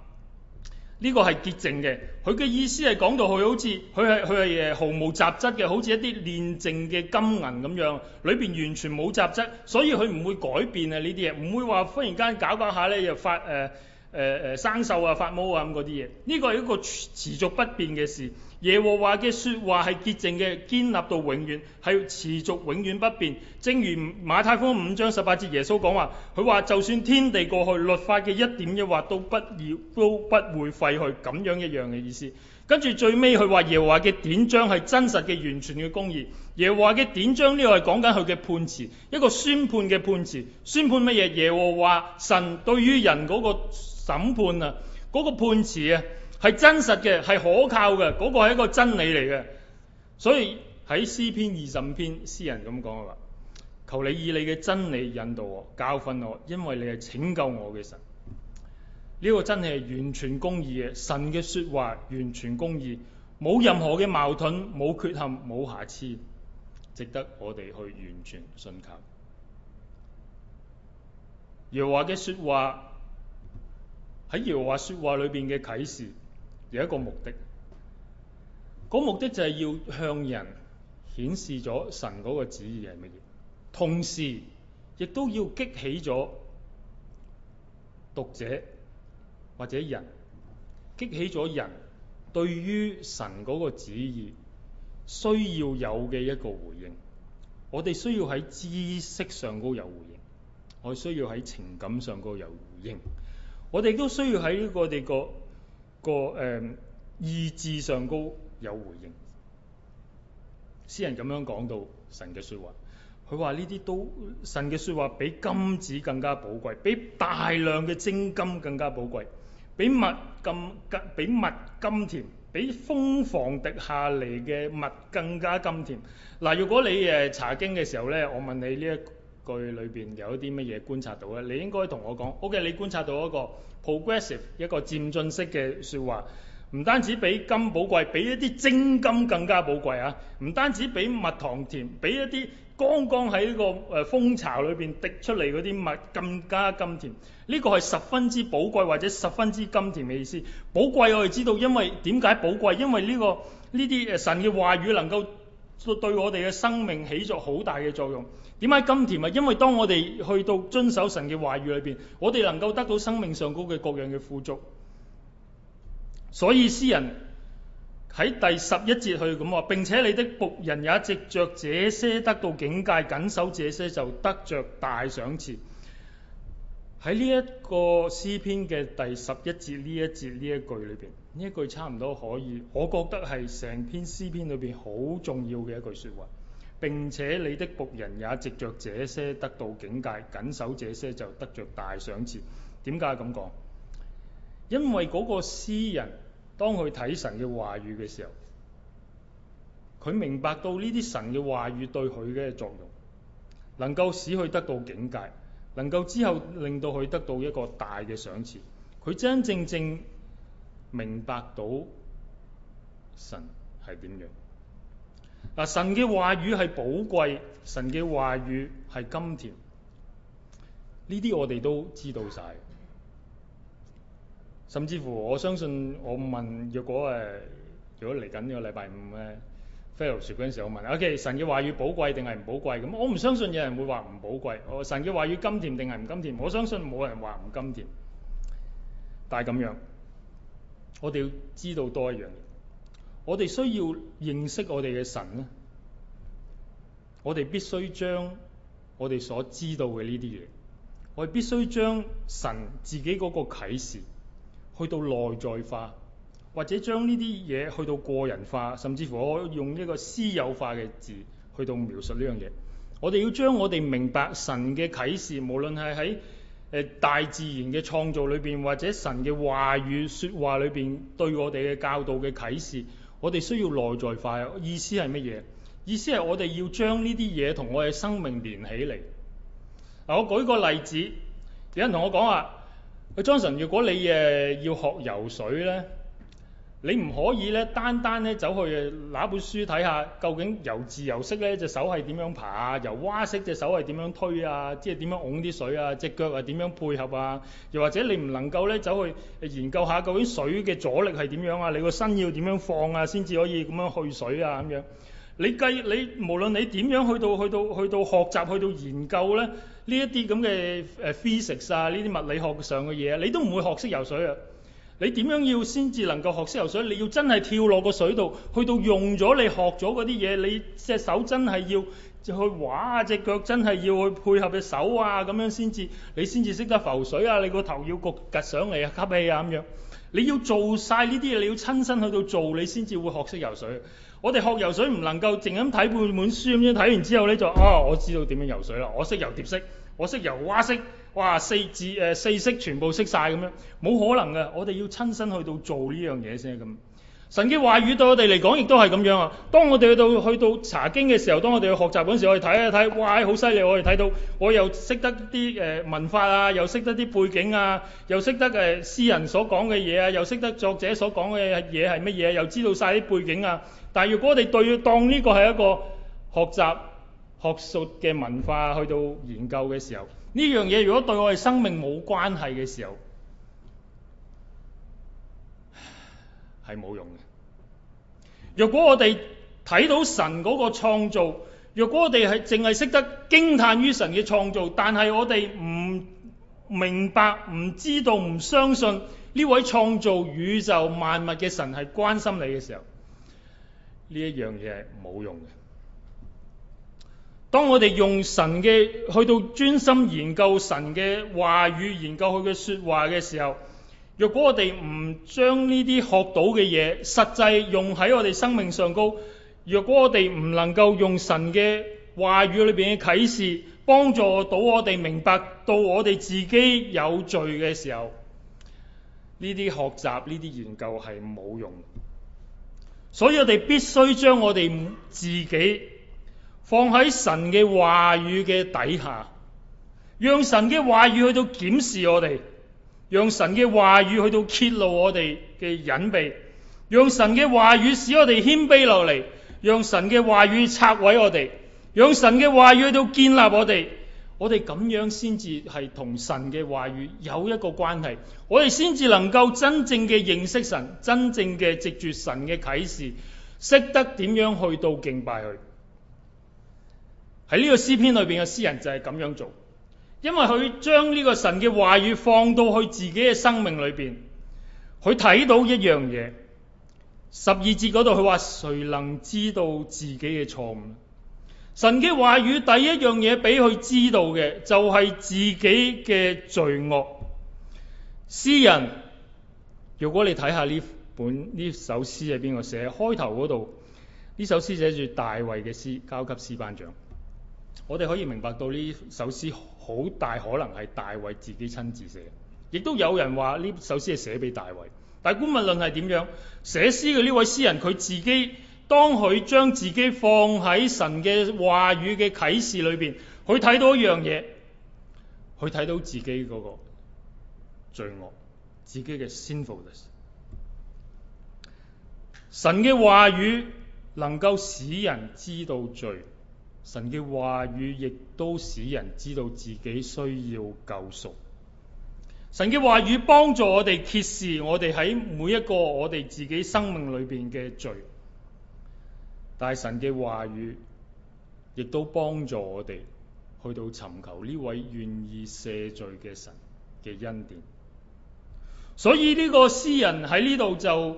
呢個係潔淨嘅，佢嘅意思係講到佢好似佢係佢係毫無雜質嘅，好似一啲煉淨嘅金銀咁樣，裏邊完全冇雜質。所以佢唔會改變啊呢啲嘢，唔會話忽然間搞搞下咧又發誒誒誒生銹啊發毛啊咁嗰啲嘢，呢個係一個持續不變嘅事。耶和華嘅説話係潔淨嘅，堅立到永遠，係持續永遠不變。正如馬太福音五章十八節，耶穌講話，佢話就算天地過去，律法嘅一點一劃都不要，都不會廢去，咁樣一樣嘅意思。跟住最尾佢話耶和華嘅典章係真實嘅、完全嘅公義。耶和華嘅典章呢個係講緊佢嘅判詞，一個宣判嘅判詞，宣判乜嘢？耶和華神對於人嗰個審判啊，嗰個判詞啊。係真實嘅，係可靠嘅，嗰個係一個真理嚟嘅。所以喺詩篇二十五篇，詩人咁講嘅話：求你以你嘅真理引導我，教訓我，因為你係拯救我嘅神。呢個真理係完全公義嘅，神嘅說話完全公義，冇任何嘅矛盾，冇缺陷，冇瑕疵，值得我哋去完全信靠。耶華嘅說話喺耶華說話裏邊嘅啟示，有一個目的，嗰、那個、目的就係要向人顯示咗神嗰個旨意係乜嘢，同時亦都要激起咗讀者或者人激起咗人對於神嗰個旨意需要有嘅一個回應。我哋需要喺知識上高有回應，我需要喺情感上高有回應，我哋都需要喺我哋個。個誒、嗯、意志上高有回應，詩人咁樣講到神嘅説話，佢話呢啲都神嘅説話比金子更加寶貴，比大量嘅精金更加寶貴，比蜜金比蜜甘甜，比蜂房滴下嚟嘅蜜更加甘甜。嗱、啊，如果你誒、啊、查經嘅時候呢，我問你呢一，這個句裏邊有一啲乜嘢觀察到咧？你應該同我講。O.K. 你觀察到一個 progressive 一個漸進式嘅説話，唔單止比金寶貴，比一啲精金更加寶貴啊！唔單止比蜜糖甜，比一啲剛剛喺呢個誒蜂巢裏邊滴出嚟嗰啲蜜更加甘甜。呢、這個係十分之寶貴或者十分之甘甜嘅意思。寶貴我哋知道，因為點解寶貴？因為呢、這個呢啲神嘅話語能夠對我哋嘅生命起咗好大嘅作用。點解咁甜啊？因為當我哋去到遵守神嘅話語裏邊，我哋能夠得到生命上高嘅各樣嘅富足。所以詩人喺第十一節去咁話：並且你的僕人也藉着着這些得到警戒，緊守這些就得着大賞賜。喺呢一個詩篇嘅第十一節呢一節呢一句裏邊，呢一句差唔多可以，我覺得係成篇詩篇裏邊好重要嘅一句説話。並且你的僕人也藉着這些得到警戒，緊守這些就得着大賞賜，點解咁講？因為嗰個詩人當佢睇神嘅話語嘅時候，佢明白到呢啲神嘅話語對佢嘅作用，能夠使佢得到警戒，能夠之後令到佢得到一個大嘅賞賜，佢真真正正明白到神係點樣。嗱，神嘅話語係寶貴，神嘅話語係甘甜，呢啲我哋都知道晒。甚至乎，我相信我問，若果誒，如果嚟緊呢個禮拜五咧，fellowship 嗰陣時，我問，OK，神嘅話語寶貴定係唔寶貴？咁我唔相信有人會話唔寶貴。我神嘅話語甘甜定係唔甘甜？我相信冇人話唔甘甜。但係咁樣，我哋要知道多一樣嘢。我哋需要認識我哋嘅神呢。我哋必須將我哋所知道嘅呢啲嘢，我哋必須將神自己嗰個啟示去到內在化，或者將呢啲嘢去到個人化，甚至乎我用一個私有化嘅字去到描述呢樣嘢。我哋要將我哋明白神嘅啟示，無論係喺大自然嘅創造裏邊，或者神嘅話語説話裏邊，對我哋嘅教導嘅啟示。我哋需要內在化，意思係乜嘢？意思係我哋要將呢啲嘢同我哋生命連起嚟。我舉個例子，有人同我講話、啊：「佢 Johnson，如果你要學游水呢？」你唔可以咧，單單咧走去拿本書睇下，究竟由自由式咧隻手係點樣爬啊，由蛙式隻手係點樣推啊，即係點樣拱啲水啊，隻腳係點樣配合啊？又或者你唔能夠咧走去研究下究竟水嘅阻力係點樣啊？你個身要點樣放啊，先至可以咁樣去水啊咁樣。你計你無論你點樣去到去到去到，去到學習去到研究咧，呢一啲咁嘅誒 physics 啊，呢啲物理學上嘅嘢，你都唔會學識游水啊！你點樣要先至能夠學識游水？你要真係跳落個水度，去到用咗你學咗嗰啲嘢，你隻手真係要去畫，隻腳真係要去配合隻手啊，咁樣先至你先至識得浮水啊！你個頭要焗趌上嚟啊，吸氣啊咁樣。你要做晒呢啲嘢，你要親身去到做，你先至會學識游水。我哋學游水唔能夠淨係睇半本書咁樣，睇完之後呢，就、哦、啊，我知道點樣游水啦！我識游蝶式，我識游蛙式。哇！四字誒，呃、四識全部識晒。咁樣，冇可能嘅。我哋要親身去到做呢樣嘢先咁。神經話語對我哋嚟講亦都係咁樣啊。當我哋去到去到查經嘅時候，當我哋去學習嗰陣時，我哋睇一睇，哇！好犀利，我哋睇到我又識得啲誒文化啊，又識得啲背景啊，又識得誒詩人所講嘅嘢啊，又識得作者所講嘅嘢係乜嘢，又知道晒啲背景啊。但係如果我哋對當呢個係一個學習學術嘅文化去到研究嘅時候，呢樣嘢如果對我哋生命冇關係嘅時候，係冇用嘅。如果我哋睇到神嗰個創造，如果我哋係淨係識得驚嘆於神嘅創造，但係我哋唔明白，唔知道，唔相信呢位創造宇宙萬物嘅神係關心你嘅時候，呢一樣嘢係冇用嘅。當我哋用神嘅去到專心研究神嘅話語，研究佢嘅說話嘅時候，若果我哋唔將呢啲學到嘅嘢實際用喺我哋生命上高，若果我哋唔能夠用神嘅話語裏面嘅啟示幫助到我哋明白到我哋自己有罪嘅時候，呢啲學習呢啲研究係冇用，所以我哋必須將我哋自己。放喺神嘅話語嘅底下，讓神嘅話語去到檢視我哋，讓神嘅話語去到揭露我哋嘅隱秘，讓神嘅話語使我哋謙卑落嚟，讓神嘅話語拆毀我哋，讓神嘅話語去到建立我哋，我哋咁樣先至係同神嘅話語有一個關係，我哋先至能夠真正嘅認識神，真正嘅藉住神嘅啟示，識得點樣去到敬拜佢。喺呢個詩篇裏邊嘅詩人就係咁樣做，因為佢將呢個神嘅話語放到佢自己嘅生命裏邊，佢睇到一樣嘢。十二節嗰度佢話：誰能知道自己嘅錯誤？神嘅話語第一樣嘢俾佢知道嘅就係自己嘅罪惡。詩人，如果你睇下呢本呢首詩係邊個寫，開頭嗰度呢首詩寫住大衛嘅詩，交給詩班長。我哋可以明白到呢首詩好大可能係大衛自己親自寫，亦都有人話呢首詩係寫俾大衛，但係姑勿論係點樣寫詩嘅呢位詩人佢自己，當佢將自己放喺神嘅話語嘅啟示裏邊，佢睇到一樣嘢，佢睇到自己嗰個罪惡自己嘅 sinfulness。神嘅話語能夠使人知道罪。神嘅話語亦都使人知道自己需要救贖。神嘅話語幫助我哋揭示我哋喺每一個我哋自己生命裏邊嘅罪，但係神嘅話語亦都幫助我哋去到尋求呢位願意赦罪嘅神嘅恩典。所以呢個詩人喺呢度就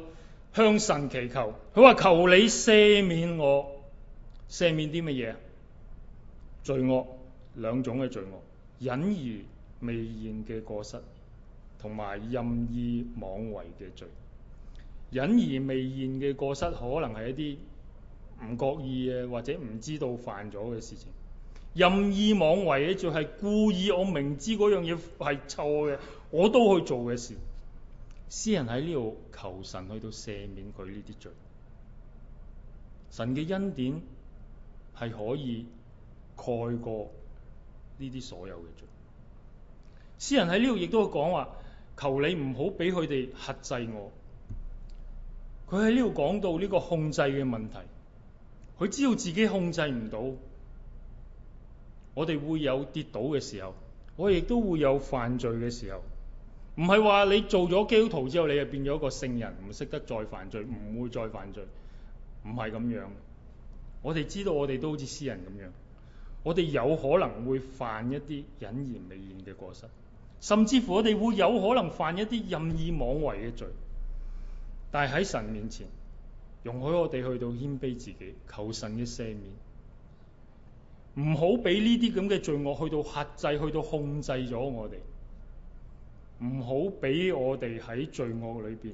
向神祈求，佢話求你赦免我，赦免啲乜嘢？罪惡兩種嘅罪惡，隱而未現嘅過失，同埋任意妄為嘅罪。隱而未現嘅過失可能係一啲唔覺意嘅或者唔知道犯咗嘅事情。任意妄為嘅罪係故意，我明知嗰樣嘢係錯嘅，我都去做嘅事。詩人喺呢度求神去到赦免佢呢啲罪，神嘅恩典係可以。蓋過呢啲所有嘅罪。詩人喺呢度亦都講話，求你唔好俾佢哋轄制我。佢喺呢度講到呢個控制嘅問題，佢知道自己控制唔到，我哋會有跌倒嘅時候，我亦都會有犯罪嘅時候。唔係話你做咗基督徒之後，你就變咗一個聖人，唔識得再犯罪，唔會再犯罪，唔係咁樣。我哋知道，我哋都好似詩人咁樣。我哋有可能會犯一啲隱然未現嘅過失，甚至乎我哋會有可能犯一啲任意妄為嘅罪。但係喺神面前，容許我哋去到謙卑自己，求神嘅赦免，唔好俾呢啲咁嘅罪惡去到克制，去到控制咗我哋，唔好俾我哋喺罪惡裏邊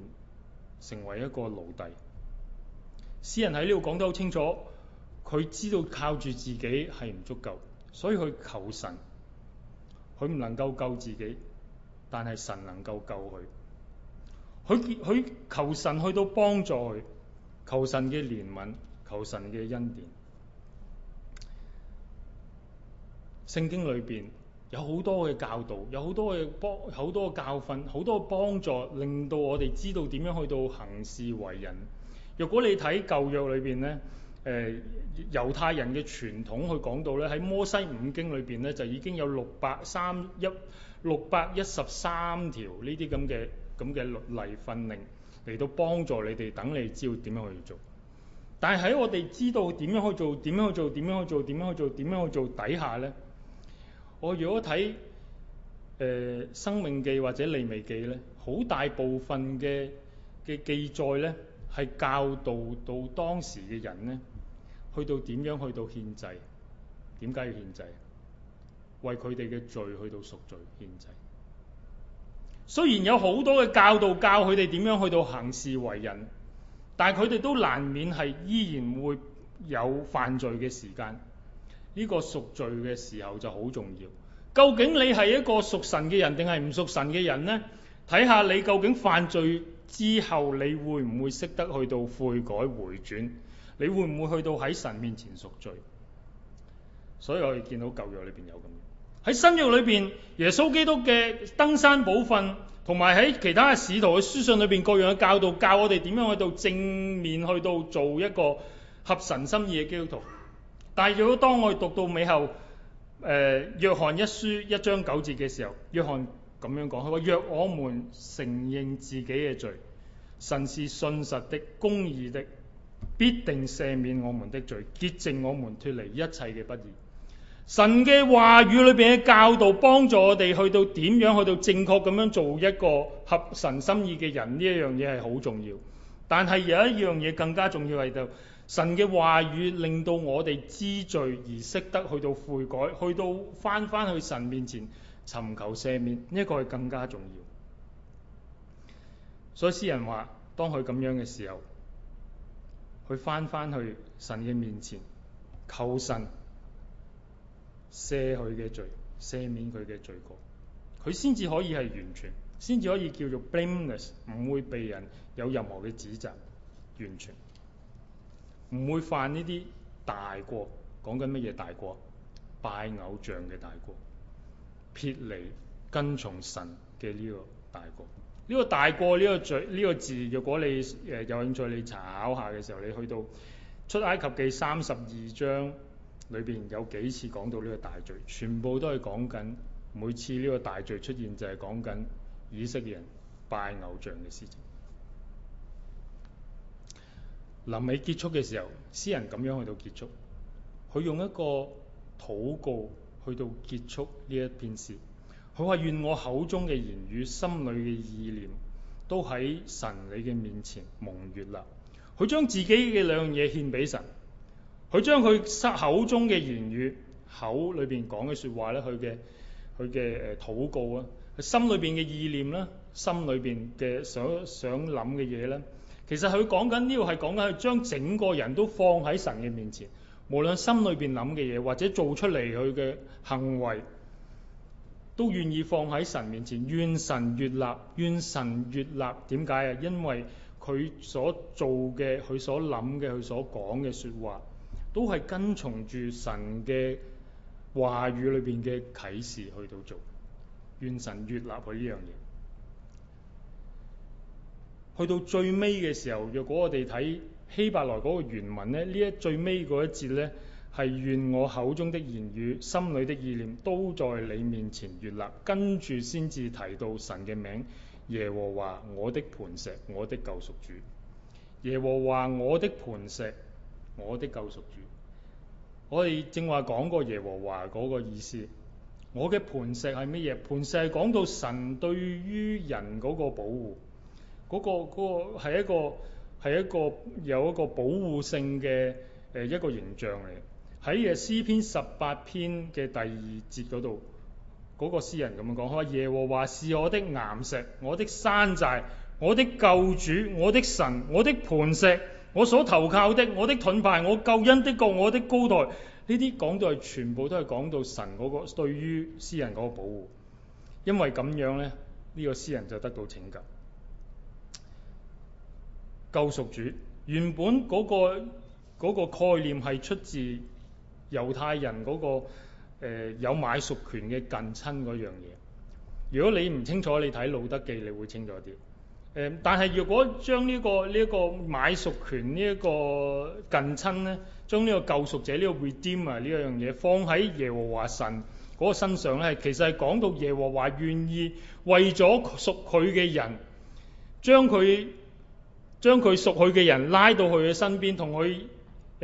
成為一個奴隸。詩人喺呢度講得好清楚。佢知道靠住自己係唔足夠，所以佢求神。佢唔能夠救自己，但係神能夠救佢。佢佢求神去到幫助佢，求神嘅憐憫，求神嘅恩典。聖經裏邊有好多嘅教導，有好多嘅幫，好多嘅教訓，好多嘅幫助，令到我哋知道點樣去到行事為人。若果你睇舊約裏邊咧，誒、呃、猶太人嘅傳統去講到咧，喺摩西五經裏邊咧，就已經有六百三一六百一十三條呢啲咁嘅咁嘅律例訓令嚟到幫助你哋，等你知道點樣去做。但係喺我哋知道點樣去做，點樣去做，點樣去做，點樣去做，點樣去做底下咧，我如果睇誒、呃《申命記》或者利《利未記》咧，好大部分嘅嘅記載咧係教導到當時嘅人咧。去到點樣？去到獻祭，點解要獻祭？為佢哋嘅罪去到贖罪獻祭。雖然有好多嘅教導教佢哋點樣去到行事為人，但係佢哋都難免係依然會有犯罪嘅時間。呢個贖罪嘅時候就好重要。究竟你係一個屬神嘅人定係唔屬神嘅人呢？睇下你究竟犯罪之後，你會唔會識得去到悔改回轉？你會唔會去到喺神面前贖罪？所以我哋見到舊約裏邊有咁樣，喺新約裏邊耶穌基督嘅登山寶訓，同埋喺其他嘅使徒嘅書信裏邊各樣嘅教導，教我哋點樣去到正面去到做一個合神心意嘅基督徒。但係如果當我哋讀到尾後，誒、呃，約翰一書一章九節嘅時候，約翰咁樣講，佢話若我們承認自己嘅罪，神是信實的、公義的。必定赦免我們的罪，潔淨我們脫離一切嘅不義。神嘅話語裏邊嘅教導，幫助我哋去到點樣去到正確咁樣做一個合神心意嘅人，呢一樣嘢係好重要。但係有一樣嘢更加重要是、就是，係就神嘅話語令到我哋知罪而識得去到悔改，去到翻翻去神面前尋求赦免，呢、這、一個係更加重要。所以詩人話：當佢咁樣嘅時候。去返返去神嘅面前，求神赦佢嘅罪，赦免佢嘅罪過。佢先至可以係完全，先至可以叫做 blameless，唔會被人有任何嘅指責，完全唔會犯呢啲大過。講緊乜嘢大過？拜偶像嘅大過，撇離跟從神嘅呢個大過。呢個大過，呢個罪，呢個字，若果你誒、呃、有興趣，你查考下嘅時候，你去到出埃及記三十二章裏邊有幾次講到呢個大罪，全部都係講緊，每次呢個大罪出現就係講緊以色列人拜偶像嘅事情。臨尾結束嘅時候，詩人咁樣去到結束，佢用一個禱告去到結束呢一篇詩。佢話：願我口中嘅言語、心裏嘅意念，都喺神你嘅面前蒙悅啦。佢將自己嘅兩樣嘢獻俾神，佢將佢口口中嘅言語、口裏邊講嘅説話咧，佢嘅佢嘅誒禱告啊，佢心裏邊嘅意念啦，心裏邊嘅想想諗嘅嘢咧，其實佢講緊呢度係講緊佢將整個人都放喺神嘅面前，無論心裏邊諗嘅嘢或者做出嚟佢嘅行為。都願意放喺神面前，願神悅立，願神悅立。點解啊？因為佢所做嘅，佢所諗嘅，佢所講嘅説話，都係跟從住神嘅話語裏邊嘅啟示去到做，願神悅立佢呢樣嘢。去到最尾嘅時候，若果我哋睇希伯來嗰個原文呢，呢一最尾嗰一節呢。係願我口中的言語、心裏的意念都在你面前悅納，跟住先至提到神嘅名耶和華，我的磐石，我的救贖主。耶和華，我的磐石，我的救贖主。我哋正話講過耶和華嗰個意思。我嘅磐石係乜嘢？磐石係講到神對於人嗰個保護，嗰、嗰個嗰係、嗰個、一個係一個有一個保護性嘅誒一個形象嚟。喺嘅詩篇十八篇嘅第二節嗰度，嗰個詩人咁樣講：話耶和華是我的岩石，我的山寨，我的救主，我的神，我的磐石，我所投靠的，我的盾牌，我救恩的國，我的高台。呢啲講到係全部都係講到神嗰個對於詩人嗰個保護，因為咁樣呢，呢個詩人就得到拯救。救贖主原本嗰個嗰個概念係出自。猶太人嗰、那個、呃、有買贖權嘅近親嗰樣嘢，如果你唔清楚，你睇《路得記》你會清楚啲、呃。但係如果將呢、這個呢一、這個買贖權呢一個近親呢，將呢個救贖者呢、這個 Redeemer 啊呢個樣嘢放喺耶和華神嗰個身上呢，其實係講到耶和華願意為咗贖佢嘅人，將佢將佢贖佢嘅人拉到佢嘅身邊，同佢。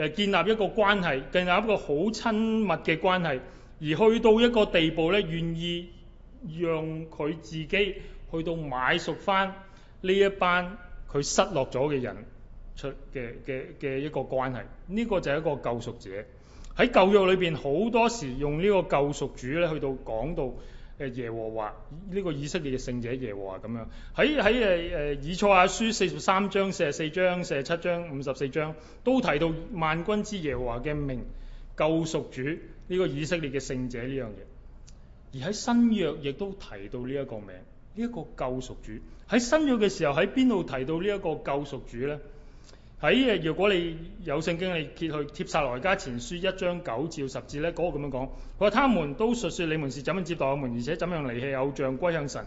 建立一個關係，建立一個好親密嘅關係，而去到一個地步咧，願意讓佢自己去到買贖翻呢一班佢失落咗嘅人出嘅嘅嘅一個關係，呢、這個就係一個救贖者喺舊約裏邊好多時用呢個救贖主咧，去到講到。誒耶和華呢個以色列嘅聖者耶和華咁樣喺喺誒誒以賽亞書四十三章四十四章四十七章五十四章都提到萬軍之耶和華嘅名救贖主呢個以色列嘅聖者呢樣嘢，而喺新約亦都提到呢一個名呢一個救贖主喺新約嘅時候喺邊度提到呢一個救贖主呢？喺誒、哎，如果你有聖經，你揭去帖撒羅尼迦前書一章九至十節，咧、那個，嗰個咁樣講，佢話：他們都述説你們是怎樣接待我們，而且怎樣離棄偶像歸向神，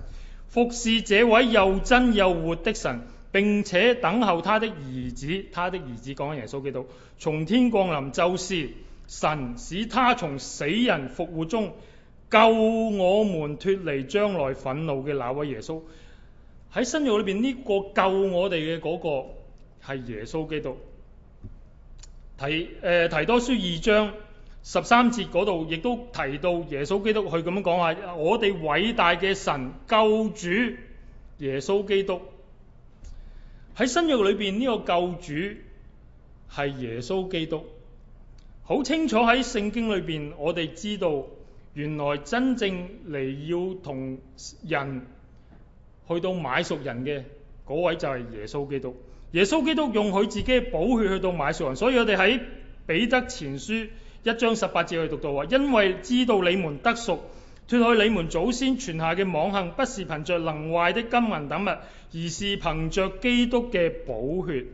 服事這位又真又活的神，並且等候他的兒子。他的兒子講緊耶穌基督，從天降臨就是神，使他從死人復活中救我們脱離將來憤怒嘅那位耶穌。喺新約裏邊呢個救我哋嘅嗰個。係耶穌基督提誒、呃、提多書二章十三節嗰度，亦都提到耶穌基督，佢咁樣講話：我哋偉大嘅神救主耶穌基督。喺新約裏邊呢個救主係耶穌基督。好清楚喺聖經裏邊，我哋知道原來真正嚟要同人去到買熟人嘅嗰位就係耶穌基督。耶穌基督用佢自己嘅寶血去到買贖人，所以我哋喺彼得前書一章十八節去讀到話：因為知道你們得贖，脱去你們祖先傳下嘅妄行，不是憑着能壞的金銀等物，而是憑着基督嘅寶血。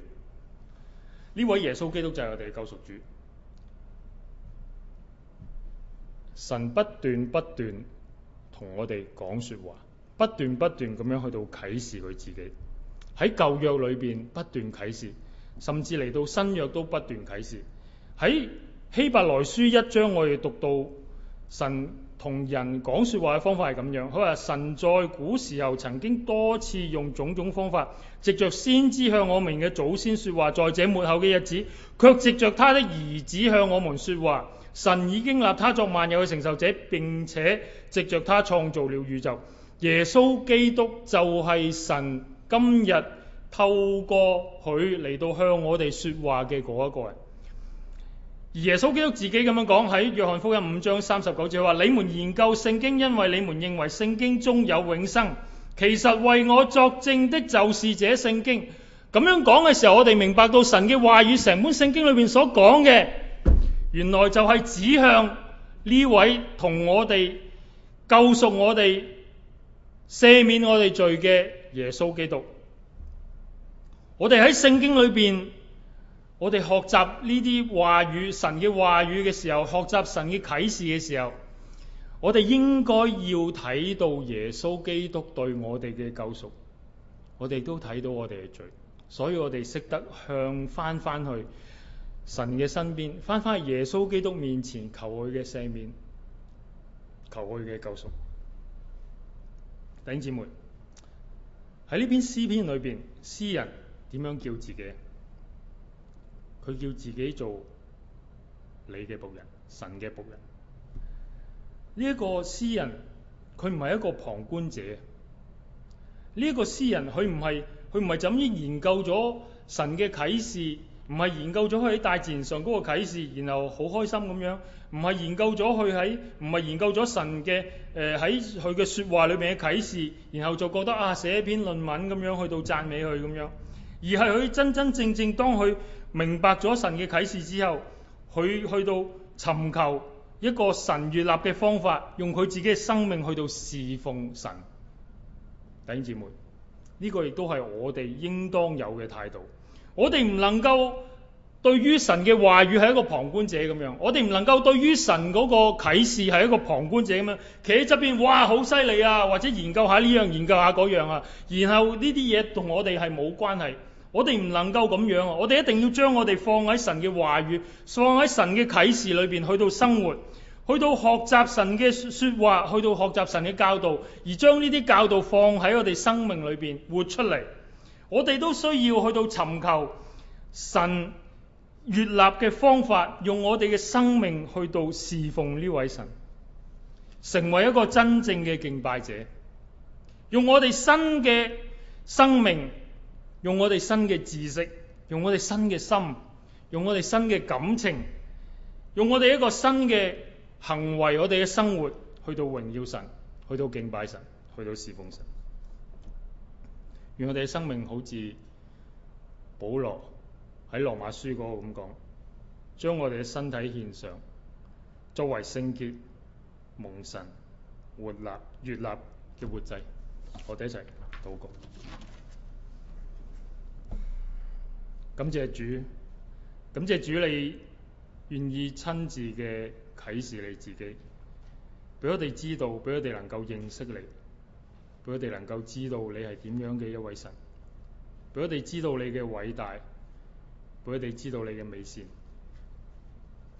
呢位耶穌基督就係我哋嘅救贖主。神不斷不斷同我哋講說話，不斷不斷咁樣去到啟示佢自己。喺舊約裏邊不斷啟示，甚至嚟到新約都不斷啟示。喺希伯來書一章，我哋讀到神同人講說話嘅方法係咁樣。佢話神在古時候曾經多次用種種方法，藉着先知向我們嘅祖先說話；在這末後嘅日子，卻藉着他的兒子向我們說話。神已經立他作萬有嘅承受者，並且藉着他創造了宇宙。耶穌基督就係神。今日透過佢嚟到向我哋説話嘅嗰一個人，而耶穌基督自己咁樣講喺約翰福音五章三十九節話：你們研究聖經，因為你們認為聖經中有永生。其實為我作證的，就是這聖經。咁樣講嘅時候，我哋明白到神嘅話與語，成本聖經裏面所講嘅，原來就係指向呢位同我哋救贖我哋、赦免我哋罪嘅。耶穌基督，我哋喺聖經裏邊，我哋學習呢啲話語，神嘅話語嘅時候，學習神嘅啟示嘅時候，我哋應該要睇到耶穌基督對我哋嘅救贖，我哋都睇到我哋嘅罪，所以我哋識得向返返去神嘅身邊，返返去耶穌基督面前求佢嘅赦免，求佢嘅救贖，頂姊妹。喺呢篇詩篇裏面，詩人點樣叫自己？佢叫自己做你嘅僕人，神嘅僕人。呢一個詩人，佢唔係一個旁觀者。呢一個詩人，佢唔係，佢唔係就咁樣研究咗神嘅啟示。唔係研究咗佢喺大自然上嗰個啟示，然後好開心咁樣；唔係研究咗佢喺，唔係研究咗神嘅誒喺佢嘅説話裏面嘅啟示，然後就覺得啊寫一篇論文咁樣去到讚美佢咁樣，而係佢真真正正當佢明白咗神嘅啟示之後，佢去到尋求一個神悅納嘅方法，用佢自己嘅生命去到侍奉神。弟兄姊妹，呢個亦都係我哋應當有嘅態度。我哋唔能夠對於神嘅話語係一個旁觀者咁樣，我哋唔能夠對於神嗰個啟示係一個旁觀者咁樣，企喺側邊哇，好犀利啊，或者研究下呢樣研究下嗰樣啊，然後呢啲嘢同我哋係冇關係，我哋唔能夠咁樣啊，我哋一定要將我哋放喺神嘅話語，放喺神嘅啟示裏邊去到生活，去到學習神嘅說話，去到學習神嘅教導，而將呢啲教導放喺我哋生命裏邊活出嚟。我哋都需要去到尋求神悅納嘅方法，用我哋嘅生命去到侍奉呢位神，成為一個真正嘅敬拜者。用我哋新嘅生命，用我哋新嘅知識，用我哋新嘅心，用我哋新嘅感情，用我哋一個新嘅行為，我哋嘅生活去到榮耀神，去到敬拜神，去到侍奉神。願我哋嘅生命好似保羅喺羅馬書嗰個咁講，將我哋嘅身體獻上，作為聖潔、蒙神活立、悅納嘅活祭。我哋一齊禱告。感謝主，感謝主，你願意親自嘅啟示你自己，俾我哋知道，俾我哋能夠認識你。俾我哋能夠知道你係點樣嘅一位神，俾我哋知道你嘅偉大，俾我哋知道你嘅美善，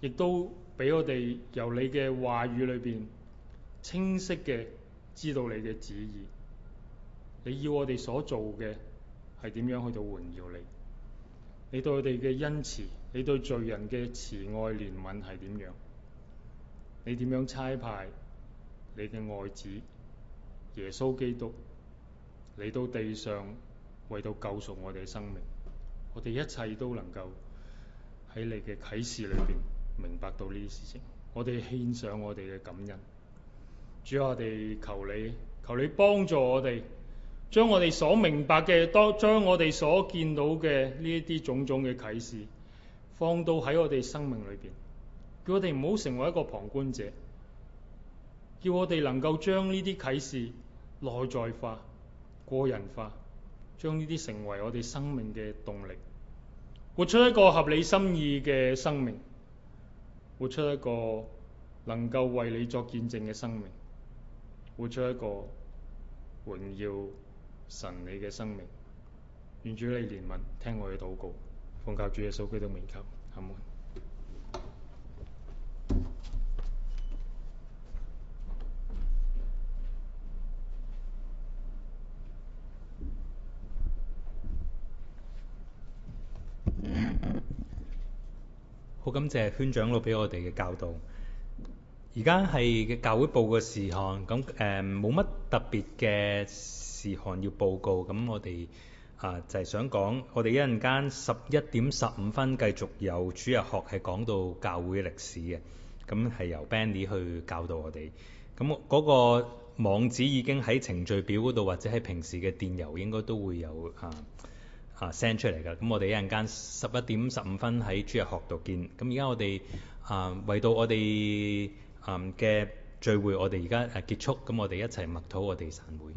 亦都俾我哋由你嘅話語裏邊清晰嘅知道你嘅旨意。你要我哋所做嘅係點樣去到榮耀你？你對我哋嘅恩慈，你對罪人嘅慈愛憐憫係點樣？你點樣差派你嘅愛子？耶穌基督嚟到地上，為到救贖我哋生命，我哋一切都能夠喺你嘅啟示裏邊明白到呢啲事情。我哋獻上我哋嘅感恩，主啊，我哋求你，求你幫助我哋，將我哋所明白嘅，當將我哋所見到嘅呢一啲種種嘅啟示，放到喺我哋生命裏邊，叫我哋唔好成為一個旁觀者。叫我哋能夠將呢啲啟示內在化、個人化，將呢啲成為我哋生命嘅動力，活出一個合理心意嘅生命，活出一個能夠為你作見證嘅生命，活出一個榮耀神你嘅生命。願主你憐憫，聽我嘅禱告，奉靠主耶穌基督的名求，阿感謝禤長老俾我哋嘅教導。而家係教會報嘅事項，咁誒冇乜特別嘅事項要報告。咁我哋啊就係想講，我哋一陣間十一點十五分繼續有主日學係講到教會歷史嘅。咁係由 Benny 去教導我哋。咁嗰個網址已經喺程序表嗰度，或者喺平時嘅電郵應該都會有啊。啊 send 出嚟噶。咁我哋一陣間十一點十五分喺主日學度見。咁而家我哋啊為到我哋啊嘅聚會，我哋而家誒結束，咁我哋一齊默禱，我哋散會。